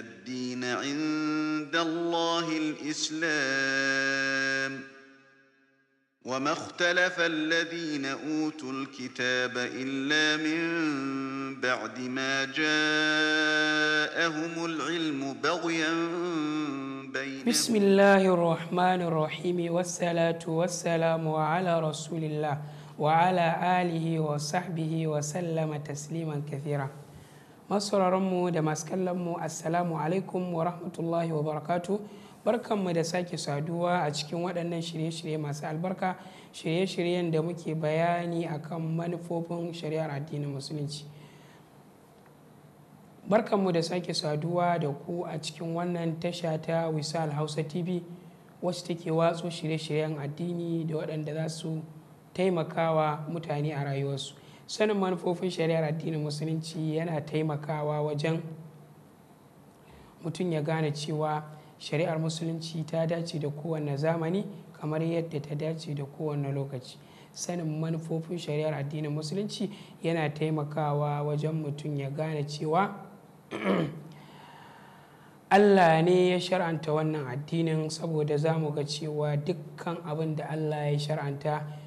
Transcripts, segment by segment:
الدين عند الله الإسلام وما اختلف الذين أوتوا الكتاب إلا من بعد ما جاءهم العلم بغيا بينهم بسم الله الرحمن الرحيم والصلاة والسلام على رسول الله وعلى آله وصحبه وسلم تسليما كثيرا masu da masu kallonmu assalamu alaikum wa rahmatullahi wa barakatu barkanmu da sake saduwa a cikin waɗannan shirye-shirye masu albarka shirye-shiryen da muke bayani akan manufofin shari'ar addinin musulunci barkanmu da sake saduwa da ku a cikin wannan tasha ta wisal hausa tv wacce take watsu shirye-shiryen addini da waɗanda za su taimakawa mutane a rayuwarsu sanin manufofin shari'ar addinin musulunci yana taimakawa wajen mutum ya gane cewa shari'ar musulunci ta dace da kowane zamani kamar yadda ta dace da kowane lokaci sanin manufofin shari'ar addinin musulunci yana taimakawa wajen mutum ya gane cewa allah ne ya shar'anta wannan addinin saboda za mu ga cewa dukkan abin da allah ya shar'anta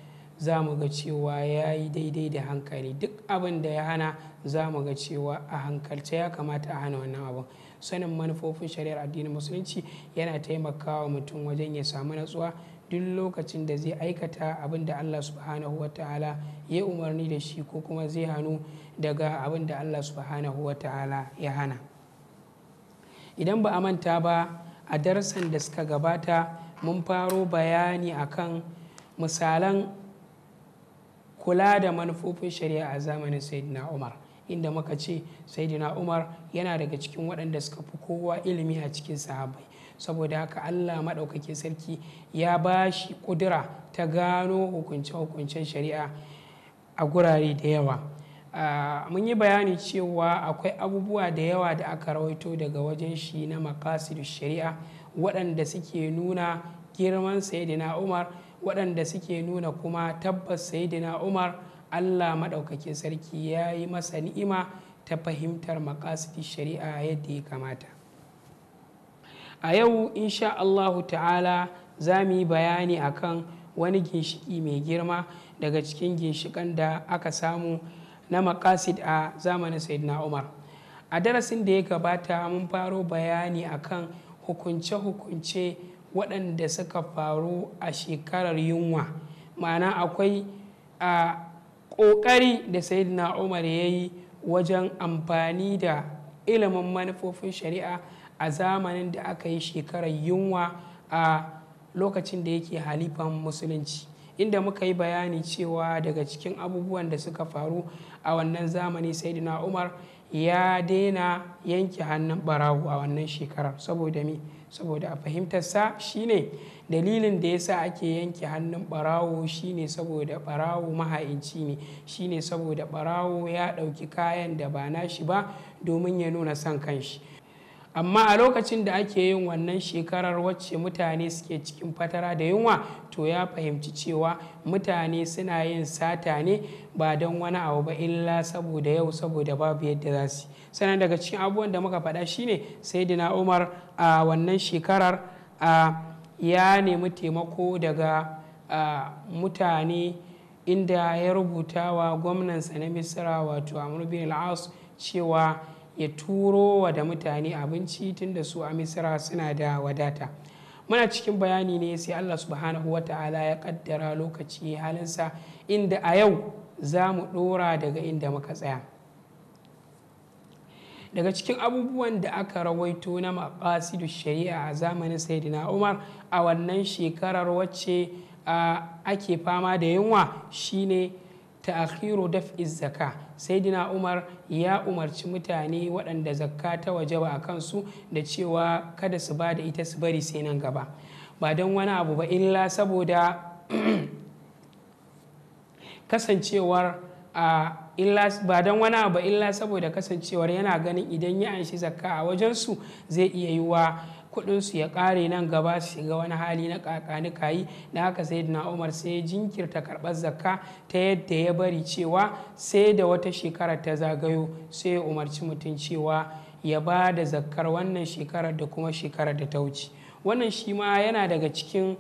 za mu ga cewa ya yi daidai da hankali duk abin da ya hana za mu ga cewa a hankalce ya kamata a hana wannan abin sanin manufofin shari'ar addinin musulunci yana taimakawa mutum wajen ya samu natsuwa duk lokacin da zai aikata abin da allah subhanahu wa ta'ala ya umarni da shi ko kuma zai hannu daga abin da allah subhanahu wa ta'ala ya hana idan ba a manta ba a darasan da suka gabata mun faro bayani akan misalan kula da manufofin shari'a a zamanin saidina umar inda muka ce saidina umar yana daga cikin waɗanda suka fi kowa ilimi a cikin sahabbai saboda haka allah maɗaukakin sarki ya ba shi ƙudura ta gano hukunce-hukuncen shari'a a gurare da yawa mun yi bayani cewa akwai abubuwa da yawa da aka rawaito daga wajen shi na makasidu shari'a waɗanda suke nuna girman saidina umar waɗanda suke nuna kuma tabbas saidina umar allah maɗaukakin sarki ya yi masa ni'ima ta fahimtar makasidi shari'a yadda ya kamata a yau insha allahu ta'ala za mu yi bayani akan wani ginshiƙi mai girma daga cikin ginshikan da aka samu na makasid a zamanin saidina umar a darasin da ya gabata mun faro bayani akan hukunce-hukunce waɗanda suka faru a shekarar yunwa ma'ana akwai a ƙoƙari da sayidina umar ya yi wajen amfani da ilimin manufofin shari'a a zamanin da aka yi shekarar yunwa a lokacin da yake halifan musulunci inda muka yi bayani cewa daga cikin abubuwan da suka faru a wannan zamani sayidina umar ya daina yanke hannun barawo a wannan shekarar saboda mi saboda a fahimtarsa shine dalilin da yasa ake yanke hannun barawo shine saboda barawo maha'inci ne shine saboda barawo ya ɗauki kayan da ba nashi ba domin ya nuna son kanshi amma a lokacin da ake yin wannan shekarar wacce mutane suke cikin fatara da yunwa to ya fahimci cewa mutane suna yin sata ne ba don wani abu ba illa saboda yau saboda babu yadda za su sannan daga cikin abubuwan da muka faɗa shine sai dina umar a wannan shekarar a ya nemi taimako daga mutane inda ya rubuta wa gwamnansa na misira wato amur bin cewa ya turo wa da mutane abinci tun da su a misira suna da wadata muna cikin bayani ne sai allah subhanahu wa ta'ala ya kaddara lokaci halinsa inda a yau za mu ɗora daga inda muka tsaya daga cikin abubuwan da aka rawaito na maƙasidu shari'a a zamanin saidina umar a wannan shekarar wacce ake fama da yunwa shine ta'akhiru daf'i zakka sayyidina umar ya umarci mutane waɗanda zakka ta wajaba a kansu da cewa kada su ba da ita su bari sai nan gaba ba don wani abu ba illa saboda kasancewar a illa ba don wani abu illa saboda kasancewar yana ganin idan ya anshi zakka a wajensu zai iya yiwa su ya kare nan gaba su shiga wani hali na kakani kayi da haka sai na umar sai jinkirta karɓar zakka ta yadda ya bari cewa sai da wata shekara ta zagayo sai ya umarci mutum cewa ya ba da zakkar wannan shekarar da kuma shekarar da ta wuce wannan shi ma yana daga cikin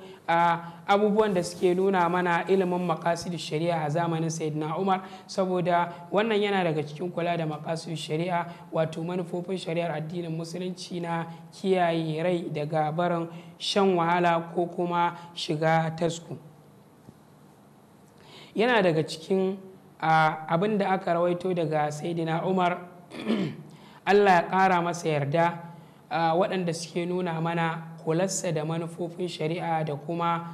abubuwan da suke nuna mana ilimin makasidu shari'a a zamanin sayyidina umar saboda wannan yana daga cikin kula da makasidu shari'a wato manufofin shari'ar addinin musulunci na kiyaye rai daga barin shan wahala ko kuma shiga tasku yana daga cikin abin da aka rawaito daga saidina umar allah ya ƙara masa yarda waɗanda suke nuna mana kularsa da manufofin shari'a da kuma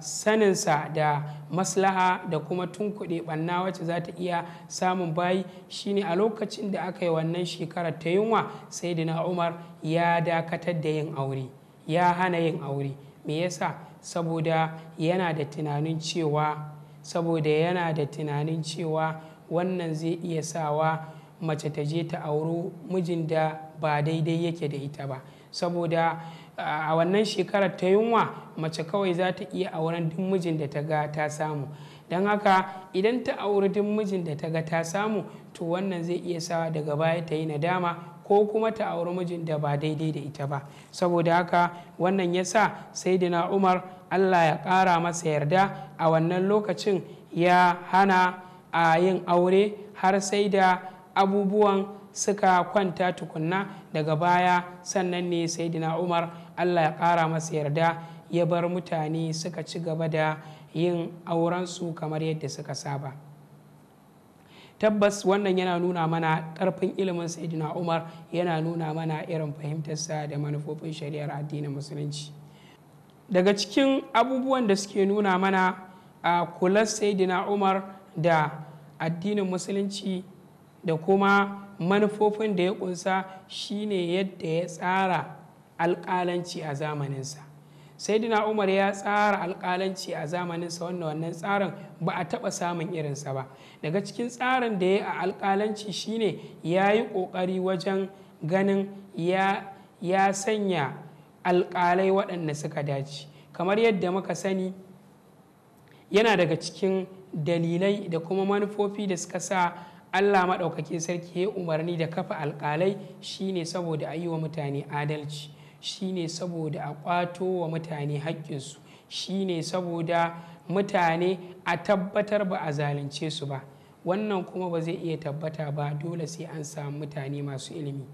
saninsa da maslaha da kuma tunkuɗe ɓanna wacce za ta iya samun bayi shine a lokacin da aka yi wannan shekarar ta yunwa sai na umar ya dakatar da yin aure ya hana yin aure me yasa saboda yana da tunanin cewa saboda yana da tunanin cewa wannan zai iya sawa mace ta je ta auro mijin da ba daidai yake da ita ba saboda a wannan shekarar ta yunwa mace kawai za ta iya auren duk mijin da ta ga ta samu don haka idan ta auri duk mijin da ta ga ta samu to wannan zai iya sawa daga baya ta yi nadama ko kuma ta auri mijin da ba daidai da ita ba saboda haka wannan ya sa sai saidina umar allah ya ƙara masa yarda a wannan lokacin ya hana a yin aure har sai da abubuwan suka kwanta tukunna daga baya sannan ne saidina umar allah ya ƙara masa yarda ya bar mutane suka ci gaba da yin aurensu kamar yadda suka saba tabbas wannan yana nuna mana ƙarfin ilimin saidina umar yana nuna mana irin fahimtarsa da manufofin shari'ar addinin musulunci daga cikin abubuwan da suke nuna mana a kula saidina umar da addinin musulunci da kuma manufofin da ya kunsa shine yadda ya tsara alƙalanci a zamaninsa sai saidina umar ya tsara alƙalanci a zamaninsa wannan wannan tsarin ba a taɓa samun irinsa ba daga cikin tsarin da ya yi a alƙalanci shine ya yi ƙoƙari wajen ganin ya sanya alƙalai waɗanda suka dace kamar yadda muka sani yana daga cikin dalilai da kuma manufofi da suka sa allah maɗaukakin sarki ya umarni da kafa alƙalai shine saboda a yi wa mutane adalci shine saboda a kwato wa mutane haƙƙinsu shine saboda mutane a tabbatar ba a zalunce su ba wannan kuma ba zai iya tabbata ba dole sai an samu mutane masu ilimi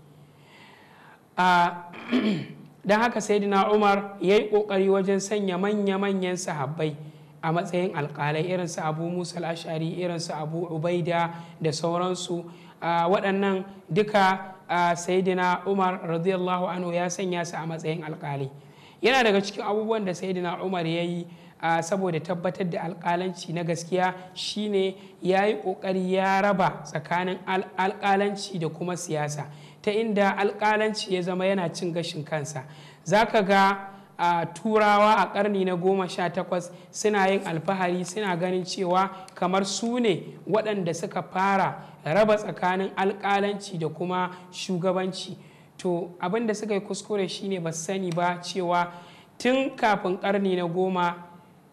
don haka saidina umar ya yi ƙoƙari wajen sanya manya-manyan sahabbai a matsayin alƙalai irinsu abu musa al'ashari irinsu abu ubaida da sauransu waɗannan duka Saidina umar radiyallahu anhu ya sanya su a matsayin alkali yana daga cikin abubuwan da Saidina umar ya yi saboda tabbatar da alkalanci na gaskiya shine ya yi kokari ya raba tsakanin alkalanci da kuma siyasa ta inda alkalanci ya zama yana cin gashin kansa zaka ga a turawa a karni na goma sha takwas suna yin alfahari suna ganin cewa kamar su ne waɗanda suka fara raba tsakanin alƙalanci da kuma shugabanci to abin da suka yi kuskure shine ba sani ba cewa tun kafin karni na goma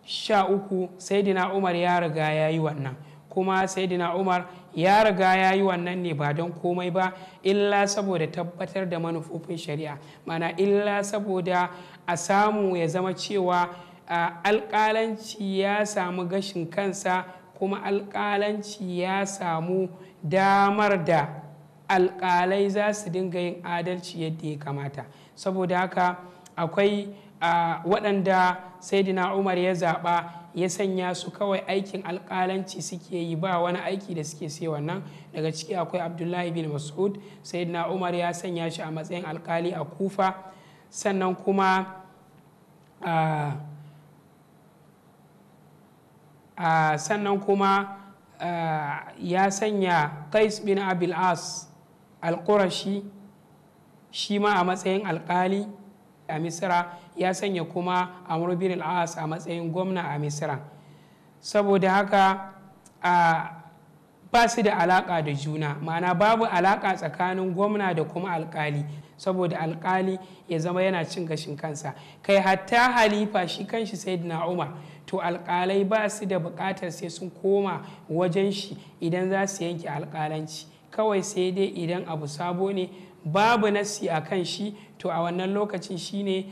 sha uku saidina umar ya riga ya yi wannan kuma saidina umar ya riga ya yi wannan ne ba don komai ba illa saboda tabbatar da manufofin shari'a mana illa saboda a samu ya zama cewa alƙalanci ya samu gashin kansa kuma alƙalanci ya samu damar da alƙalai za su dinga yin adalci yadda ya kamata saboda haka akwai waɗanda saidina umar ya zaɓa ya sanya su kawai aikin alƙalanci suke yi ba wani aiki da suke sai wannan daga ciki akwai abdullahi bin mas'ud saidina umar ya sanya shi a matsayin alƙali a kufa sannan kuma sannan kuma ya sanya qais bin abil as al-qurashi shi ma a matsayin alkali a misira ya sanya kuma amur bin al-as a matsayin gwamna a misira saboda haka a ba su da alaƙa da juna ma'ana babu alaƙa tsakanin gwamna da kuma alƙali saboda alƙali ya zama yana cin gashin kansa kai hatta halifa shi kanshi na umar to alƙalai ba su da buƙatar sai sun koma wajen shi idan za su yanke alƙalanci kawai sai dai idan abu sabo ne babu nasi a kan shi to a wannan lokacin shi ne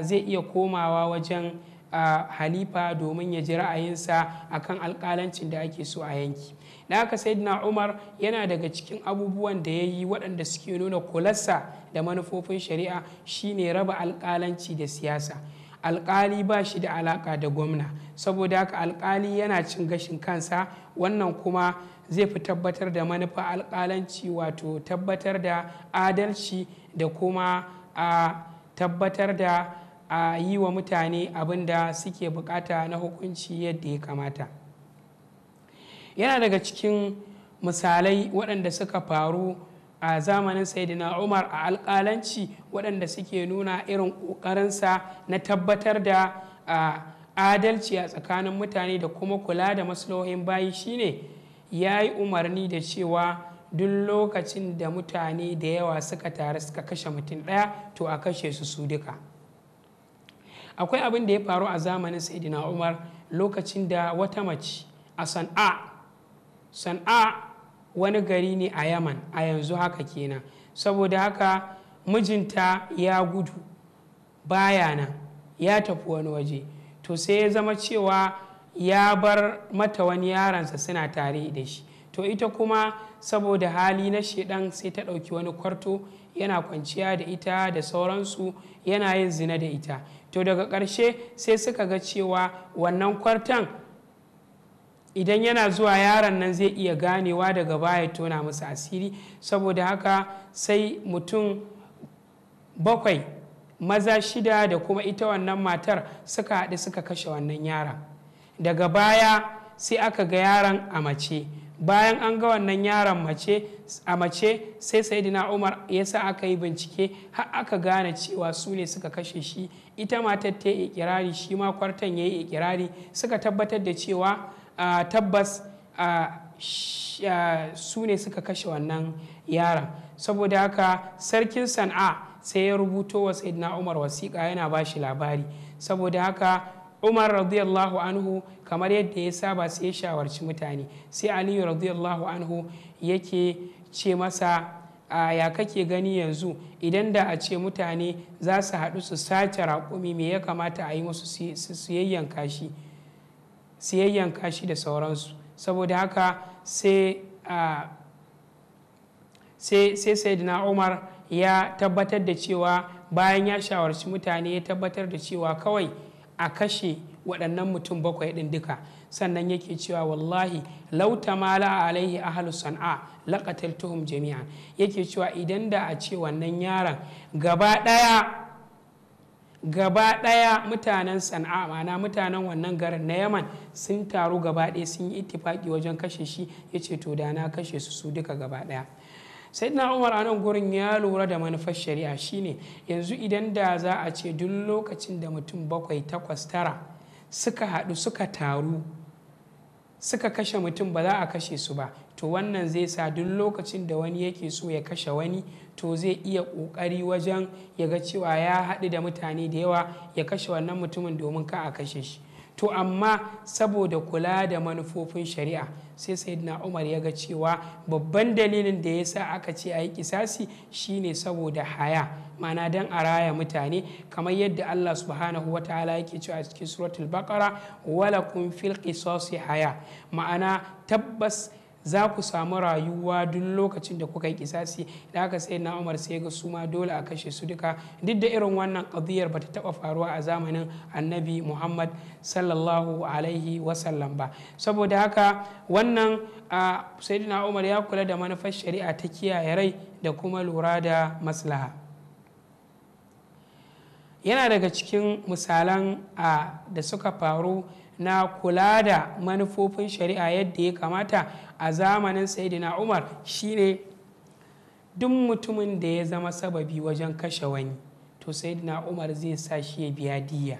zai iya komawa wajen a halifa domin ya ji ra'ayinsa a kan alƙalancin da ake so a yanki da haka sayyidina umar yana daga cikin abubuwan da ya yi waɗanda suke nuna kulassa da manufofin shari'a shine raba alƙalanci da siyasa alƙali ba shi da alaƙa da gwamna saboda haka alƙali yana cin gashin kansa wannan kuma zai fi tabbatar da manufa alƙalanci wato tabbatar da adalci da kuma a tabbatar da a yi wa mutane abin da suke bukata na hukunci yadda ya kamata yana daga cikin misalai waɗanda suka faru a zamanin saidina umar a alƙalanci waɗanda suke nuna irin ƙoƙarinsa na tabbatar da adalci a tsakanin mutane da kuma kula da maslahohin bayi shine ya yi umarni da cewa duk lokacin da mutane da yawa suka tare suka kashe mutum ɗaya to a kashe su su duka akwai abin da ya faru a zamanin saidina umar lokacin da wata mace a san'a san'a wani gari ne a yaman a yanzu haka kenan saboda haka mijinta ya gudu baya nan ya tafi wani waje to sai ya zama cewa ya bar mata wani yaransa suna tare da shi to ita kuma saboda hali na shedan sai ta ɗauki wani kwarto yana kwanciya da ita da sauransu yana yin zina da ita to daga ƙarshe sai suka ga cewa wannan kwartan idan yana zuwa yaron nan zai iya ganewa daga baya tona musu asiri saboda haka sai mutum bakwai maza shida da kuma ita wannan matar suka haɗu suka kashe wannan yaron daga baya sai aka ga yaron a mace bayan an ga wannan yaron a mace sai sayidina umar ya sa aka yi bincike har aka gane cewa su ne suka kashe shi ita matar ta yi ikirari shi ma kwartan ya yi ikirari suka tabbatar da cewa tabbas su ne suka kashe wannan yaron saboda haka sarkin sana'a sai ya rubuto wa sayidina umar wasiƙa yana ba shi labari saboda haka umar radiyallahu anhu kamar yadda ya saba sai ya shawarci mutane sai aliyu radiyallahu anhu yake ce masa a ya kake gani yanzu idan da a ce mutane za su haɗu su sace raƙumi me ya kamata a yi musu siyayyan kashi da sauransu saboda haka sai sai sayyidina umar ya tabbatar da cewa bayan ya shawarci mutane ya tabbatar da cewa kawai a kashe waɗannan mutum bakwai ɗin duka sannan yake cewa wallahi lauta mala alaihi ahalus san'a laƙatar tuhum jami'an yake cewa idan da a ce wannan yaran gaba ɗaya mutanen sana'a mana mutanen wannan garin na yaman sun taru gaba ɗaya sun yi ittifaki wajen kashe shi yace to da na kashe su su duka gaba ɗaya sai na umar a nan gurin ya lura da manufar shari'a shine yanzu idan da za a ce duk lokacin da mutum bakwai takwas tara suka haɗu suka taru suka kashe mutum ba za a kashe su ba to wannan zai sa duk lokacin da wani yake so ya kashe wani to zai iya ƙoƙari wajen ya ga cewa ya haɗu da mutane da yawa ya kashe wannan mutumin domin ka a kashe shi to amma saboda kula da manufofin shari'a sai sayyidina umar ya ga cewa babban dalilin da ya sa aka ce a yi kisasi shine saboda haya ma'ana don a raya mutane kamar yadda allah subhanahu wataala yake cewa a cikin suratul baqara wala kun fil qisasi haya ma'ana tabbas za ku samu rayuwa duk lokacin da kuka yi kisasi da aka sai na umar sai ga su ma dole a kashe su duka duk da irin wannan ƙadiyar ba ta taɓa faruwa a zamanin annabi muhammad sallallahu alaihi wasallam ba saboda haka wannan na umar ya kula da manufar shari'a ta kiyaye rai da kuma lura da maslaha yana daga cikin misalan da suka faru na kula da manufofin shari'a yadda ya kamata a zamanin saidina umar shine duk mutumin da ya zama sababi wajen kashe wani to saidina umar zai sa shi ya biya diya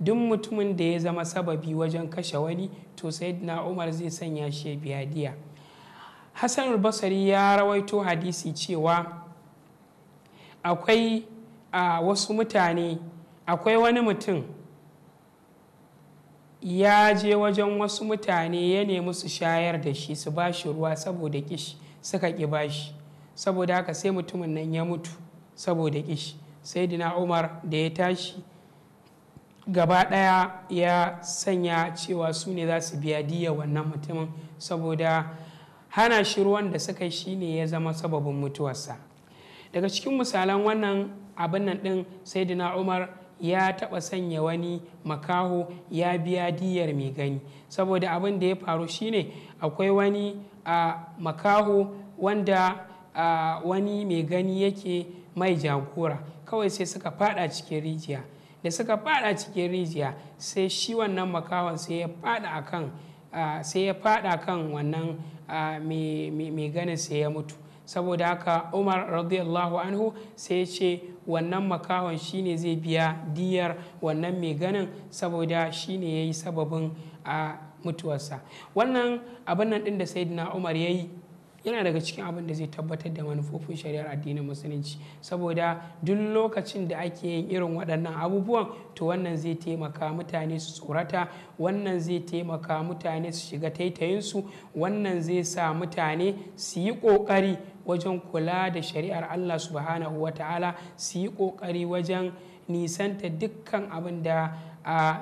duk mutumin da ya zama sababi wajen kashe wani to saidina umar zai sanya shi ya biya diya hassan basari ya rawaito hadisi cewa akwai a wasu mutane akwai wani mutum ya je wajen wasu mutane ya nemi su shayar da shi su ba shi ruwa saboda kishi suka ƙi ba shi saboda haka sai mutumin nan ya mutu saboda kishi sai dina umar da ya tashi gaba ɗaya ya sanya cewa su ne za su biya diya wannan mutumin saboda hana shi ruwan da suka yi ne ya zama sababin mutuwarsa daga cikin misalan wannan abin nan ɗin sai dina umar ya taɓa sanya wani makaho ya biya diyar mai gani saboda abin da ya faru shine akwai wani a makaho wanda a wani mai gani yake mai jagora kawai sai suka fada cikin rijiya da suka fada cikin rijiya sai shi wannan makahon sai ya fada akan sai ya fada kan wannan mai ganin sai ya mutu saboda haka umar radiyallahu anhu sai ce wannan makahon shine zai biya diyar wannan mai ganin saboda shine ya yi sababin a mutuwarsa wannan abin nan ɗin da sayyidina umar ya yi yana daga cikin abin da zai tabbatar da manufofin shari'ar addinin musulunci saboda duk lokacin da ake yin irin waɗannan abubuwan to wannan zai taimaka mutane su tsorata wannan zai taimaka mutane su shiga taitayinsu wannan zai sa mutane su yi ƙoƙari wajen kula da shari'ar Allah subhanahu wa ta'ala su yi ƙoƙari wajen nisanta dukkan abin da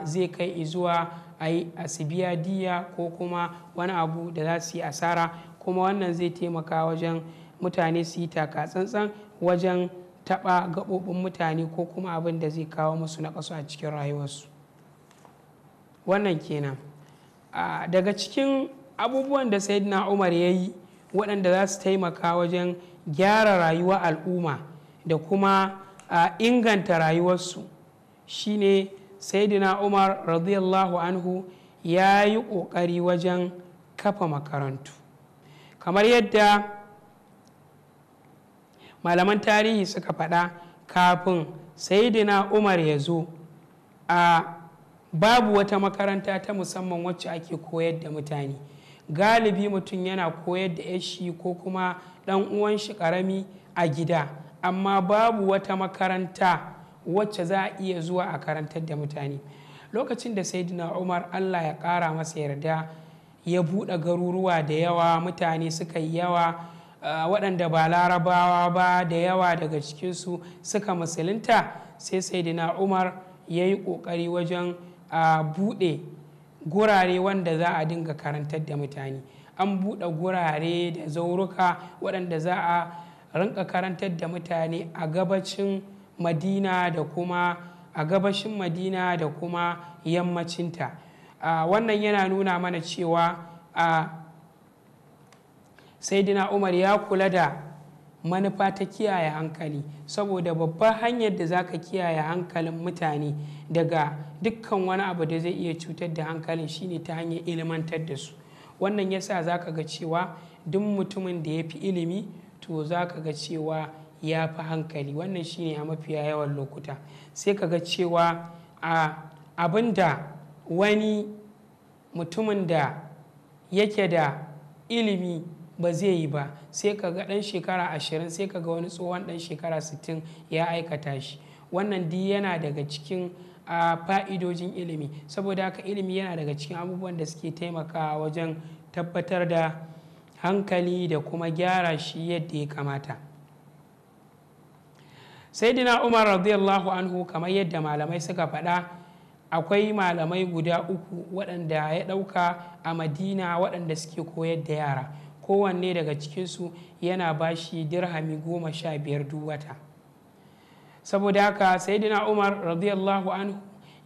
zai kai izuwa a yi asibiya diya ko kuma wani abu da za su yi asara kuma wannan zai taimaka wajen mutane su yi taka tsantsan wajen taɓa gaɓoɓin mutane ko kuma abin da zai kawo musu na kasu a cikin rayuwarsu wannan kenan daga cikin abubuwan da sayyidina umar ya yi waɗanda za su taimaka wajen gyara rayuwar al'umma da kuma a inganta rayuwarsu shine saidina umar radiyallahu anhu ya yi ƙoƙari wajen kafa makarantu kamar yadda malaman tarihi suka faɗa kafin saidina umar ya zo a babu wata makaranta ta musamman wacce ake koyar da mutane galibi mutum yana koyar da shi ko kuma ɗan uwan shi ƙarami a gida amma babu wata makaranta wacce za a iya zuwa a karantar da mutane lokacin da saidina umar allah ya ƙara masa yarda ya buɗe garuruwa da yawa mutane suka yi yawa waɗanda ba larabawa ba da yawa daga cikinsu suka musulunta sai saidina umar ya yi ƙoƙari wajen buɗe gurare wanda za a dinga karantar da mutane an buɗe gurare da zauruka waɗanda za a rinka karantar da mutane a gabacin madina da kuma a gabashin madina da kuma yammacinta wannan yana nuna mana cewa a saidina umar ya kula da manufa ta kiyaye hankali saboda babbar hanyar da za ka kiyaye hankalin mutane daga dukkan wani abu da zai iya cutar da hankalin shine ta hanyar ilimantar da su wannan yasa za ka ga cewa duk mutumin da ya fi ilimi to za ka ga cewa ya fi hankali wannan shine a mafiya yawan lokuta sai ka ga cewa a abin da wani mutumin da yake da ilimi ba zai yi ba sai ka ga ɗan shekara ashirin sai ka ga wani tsohon ɗan shekara sittin ya aikata shi wannan yana daga cikin a fa'idojin ilimi saboda haka ilimi yana daga cikin abubuwan da suke taimakawa wajen tabbatar da hankali da kuma gyara shi yadda ya kamata saidina umar radiyallahu anhu kamar yadda malamai suka faɗa akwai malamai guda uku waɗanda ya ɗauka a madina waɗanda suke koyar da yara kowanne daga cikinsu yana bashi dirhami goma sha biyar duk wata saboda haka saidina umar radiyallahu anhu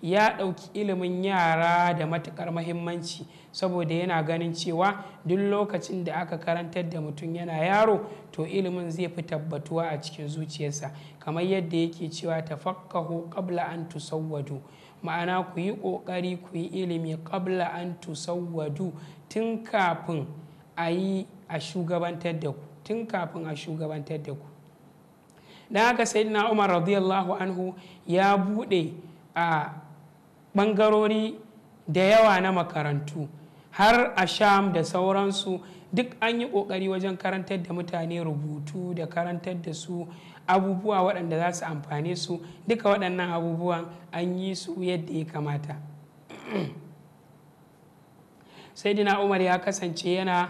ya ɗauki ilimin yara da matuƙar mahimmanci saboda yana ganin cewa duk lokacin da aka karantar da mutum yana yaro to ilimin zai fi tabbatuwa a cikin zuciyarsa kamar yadda yake cewa tafakkahu qabla an tusawwadu ma'ana ku yi ƙoƙari ku yi ilimi qabla an tusawwadu tun kafin a yi shugabantar da tun kafin a shugabantar da ku da haka sayyidina umar radiyallahu anhu ya bude a bangarori da yawa na makarantu har a sham da sauransu duk an yi kokari wajen karantar da mutane rubutu da karantar da su abubuwa waɗanda za su amfane su duka waɗannan abubuwan an yi su yadda ya kamata sai umar ya kasance yana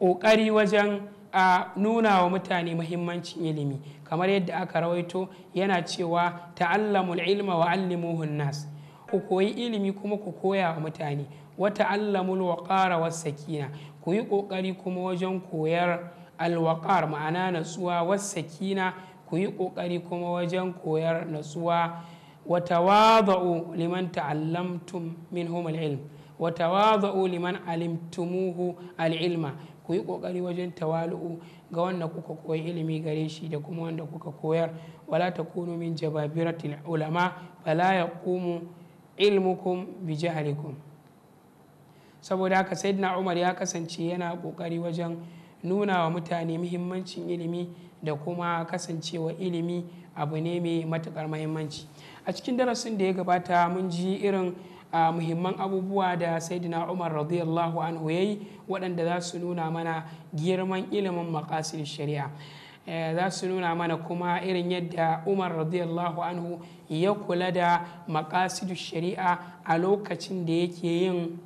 ƙoƙari wajen a nuna wa mutane muhimmancin ilimi kamar yadda aka rawaito yana cewa ta'allamul ilma wa allimuhun nas ku koyi ilimi kuma ku koya wa mutane wa ta'allamul waqara was sakina ku yi kokari kuma wajen koyar alwaqar ma'ana natsuwa was sakina ku yi kokari kuma wajen koyar natsuwa wa tawadau liman ta'allamtum minhum al-ilm wa tawadau liman alimtumuhu al-ilma ku yi ƙoƙari wajen tawalu'u ga wanda kuka koyi ilimi gare shi da kuma wanda kuka koyar wala kunu min jababiratil ulama ya kumu ilmukum bi jahalikum saboda haka sayyidina umar ya kasance yana ƙoƙari wajen nuna wa mutane muhimmancin ilimi da kuma kasancewa ilimi abu ne mai matuƙar muhimmanci a cikin darasin da ya gabata mun ji irin A muhimman abubuwa da saidina umar radiyallahu anhu ya yi waɗanda za su nuna mana girman ilimin maƙasir shari'a eh, za su nuna mana kuma irin yadda umar radiyallahu anhu ya kula da maƙasidu shari'a a lokacin da yake yin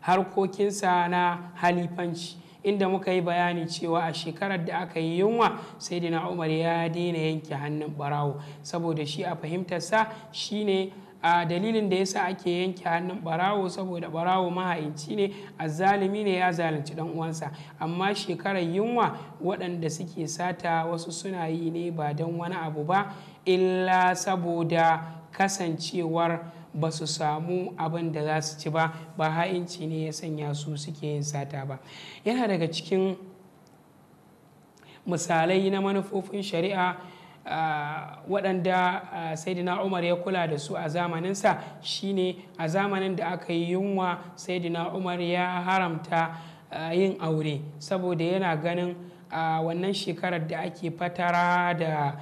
harkokinsa na halifanci inda muka yi bayani cewa a shekarar da aka yi yunwa sai umar ya daina yanke hannun barawo saboda shi a fahimtarsa shine a dalilin da yasa ake yanke hannun barawo saboda barawo maha'inci ne azzalimi ne ya zalunci dan uwansa amma shekarar yunwa waɗanda suke sata wasu suna yi ne ba don wani abu ba illa saboda kasancewar ba su samu abin da za su ci ba ba ha'inci ne ya sanya su suke yin sata ba yana daga cikin misalai na manufofin shari'a waɗanda saidina umar ya kula da su a zamaninsa shine a zamanin da aka yi yunwa saidina umar ya haramta yin aure saboda yana ganin wannan shekarar da ake fatara da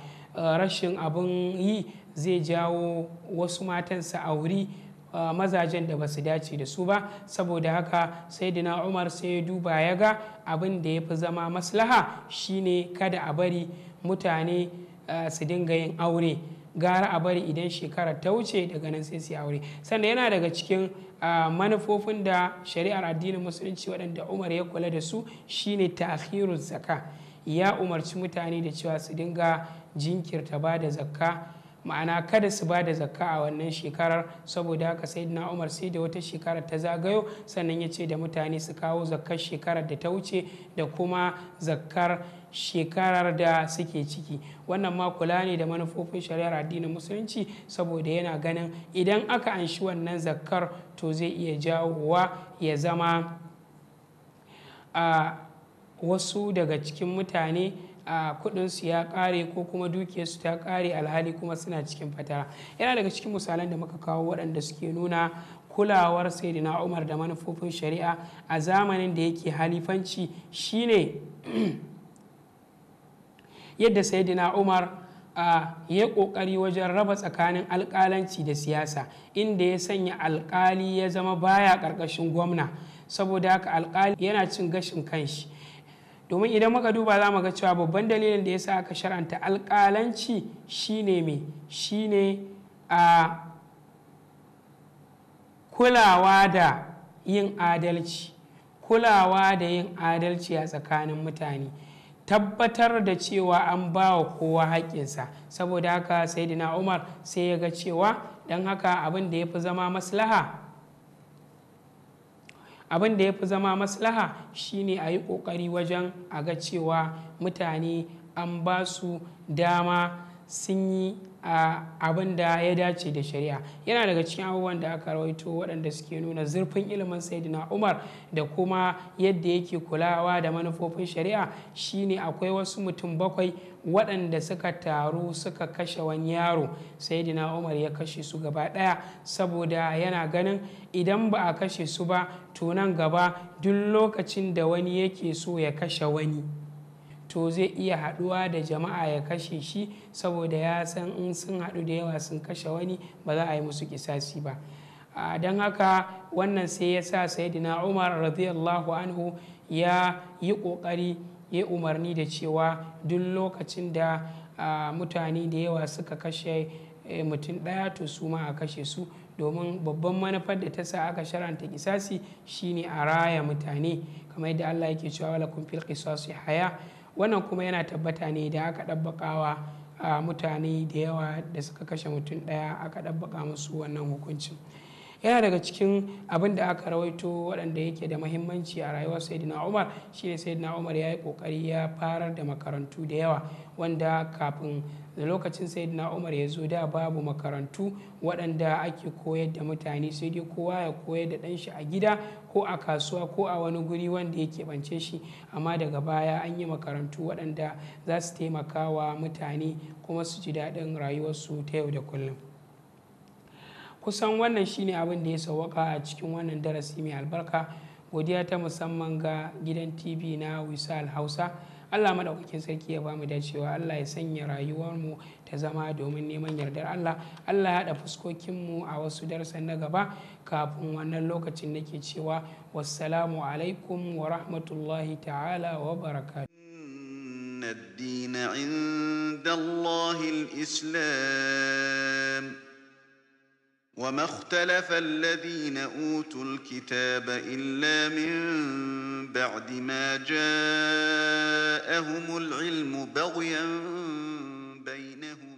rashin abin yi zai jawo wasu matansa aure mazajen da ba su dace da su ba saboda haka saidina umar sai ya duba ya ga abin da ya fi zama maslaha shine kada a bari mutane su dinga yin aure gara a bari idan shekara ta wuce daga nan sai su aure sannan yana daga cikin manufofin da shari'ar addinin musulunci waɗanda umar ya kula da su shine ta'khiruz zakka ya umarci mutane da cewa su dinga jinkirta ba da zakka ma'ana kada su ba da zakka a wannan shekarar saboda haka sai na umar sai da wata shekarar ta zagayo sannan ya ce da mutane su kawo zakkar shekarar da ta wuce da kuma zakkar shekarar da suke ciki wannan ma kula ne da manufofin shari'ar addinin musulunci saboda yana ganin idan aka anshi wannan zakkar to zai iya jawowa ya zama a wasu daga cikin mutane a kudinsu ya kare ko kuma dukiyarsu ta kare alhali kuma suna cikin fatara yana daga cikin misalan da muka kawo waɗanda suke nuna kulawar saidina umar da manufofin shari'a a zamanin da yake halifanci shine yadda saidina umar a ya ƙoƙari wajen raba tsakanin alƙalanci da siyasa inda ya sanya alƙali ya zama baya ƙarƙashin gwamna saboda haka alkali yana cin gashin kanshi domin idan muka duba za mu ga cewa babban dalilin da ya sa aka shar'anta alƙalanci shine me shine a kulawa da yin adalci kulawa da yin adalci a tsakanin mutane tabbatar da cewa an ba wa kowa haƙƙinsa saboda haka sai umar sai ya ga cewa don haka abin da ya fi zama maslaha abin da ya fi zama maslaha shine a yi ƙoƙari wajen a ga cewa mutane an ba su dama sun yi abin da ya dace da shari'a yana daga cikin abubuwan da aka rawaito waɗanda suke nuna zurfin ilimin saidina umar da kuma yadda yake kulawa da manufofin shari'a shine akwai wasu mutum bakwai waɗanda suka taru suka kashe wani yaro saidina umar ya kashe su gaba ɗaya saboda yana ganin idan ba a kashe su ba to nan gaba duk lokacin da wani yake so ya kashe wani to zai iya haɗuwa da jama'a ya kashe shi saboda ya san in sun haɗu da yawa sun kashe wani ba za a yi musu kisasi ba don haka wannan sai ya sa saidina umar radiyallahu anhu ya yi ƙoƙari ya umarni da cewa duk lokacin da mutane da yawa suka kashe eh, mutum ɗaya to su ma a kashe su domin babban manufar da ta sa aka sharanta kisasi shine a raya mutane kamar yadda Allah yake cewa wala kun fil haya wannan kuma yana tabbata ne da aka dabbakawa mutane da yawa da suka kashe mutum daya aka dabbaka musu wannan hukuncin yana daga cikin abin da aka rawaito waɗanda yake da mahimmanci a rayuwar sayyidina umar shine sayyidina umar ya yi ƙoƙari ya farar da makarantu da yawa wanda kafin da lokacin sayyidina umar ya zo da babu makarantu waɗanda ake koyar da mutane sai dai kowa ya koyar da shi a gida ko a kasuwa ko a wani guri wanda yake bance shi amma daga baya an yi makarantu waɗanda za su taimaka wa mutane kuma su ji daɗin rayuwarsu ta yau da kullum kusan wannan shine abin da ya sauwaka a cikin wannan darasi mai albarka godiya ta musamman ga gidan tv na wisal hausa allah maɗaukakin sarki ya bamu dacewa allah ya sanya rayuwar mu ta zama domin neman yardar allah allah ya haɗa fuskokinmu a wasu darasan na gaba kafin wannan lokacin ke cewa wassalamu alaikum wa rahmatullahi ta'ala wa barakatu الدين وما اختلف الذين أوتوا الكتاب إلا من بعد ما جاءهم العلم بغيا بينهم